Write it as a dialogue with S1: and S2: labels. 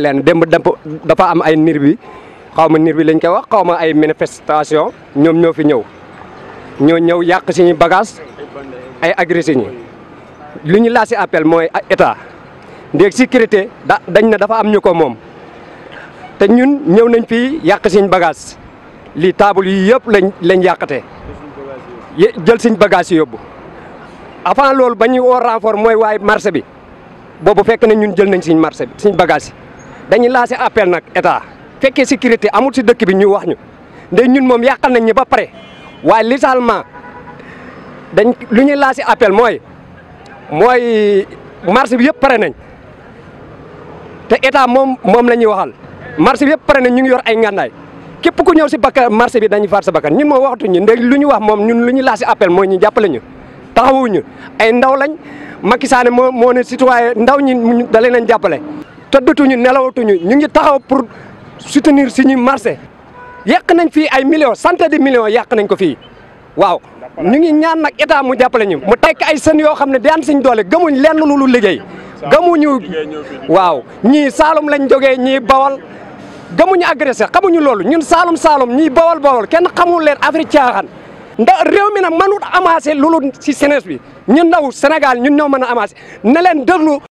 S1: len demb dafa am ay nir bi xawma nir bi lañ ko wax xawma ay manifestation ñom ñoo fi ñew ñoo ñëw yàq suñu bagage ay agressé ñi luñu ñu appel moy état ndek sécurité da dañ na dafa am ñuko mom té ñun ñew nañ fii yàq suñu bagage li table yi yëpp lañ lañ yakaté jël suñ bagage yobbu avant lool bañu ñuy renfort moy way marché bi bobu fekk na ñun jël nañ suñ marché bi bagage dañu lancer appel nak état fekke sécurité amul ci dëkk bi ñu wax ñu ndax ñun mom yàqal nañ ñi ba paré waaye littéralement dañ lu ñuy lancer appel moy moy marché bi yëpp paré nañ té état mom mom lañuy waxal marché bi yëpp paré nañ ñu ngi yor ay ngannaay képp ku ñëw ci bakkar marché bi dañuy far sa bakkar ñun moom waxatuñu ndax lu ñu wax mom ñun lu ñuy lancer appel moy ñu jappalé ñu taxawu ñu ay ndaw lañ Macky Sall mo ne citoyen ndaw ñi dalee nañ jàppale tëddatuñu nelawatuñu ñu ngi taxaw pour soutenir suñu marché yak nañ fi ay millions santé de millions yak nañ ko fi waaw ñu ngi ñaan nak état mu jappalé ñu mu tekk ay seen yo xamné ne daan siñ doole gëmuñ lenn lu lu liggéey gëmuñu waaw ñi salum lañ joggé ñi bawal gëmuñu agressé xamuñu loolu ñun salum salum ñi bawal bawal kenn xamul leen Afrique tiaxan nda réew mi nag amasser amassé loolu si sénès bi ñun ndaw senegal ñun ñoo mëna amasser na leen deglu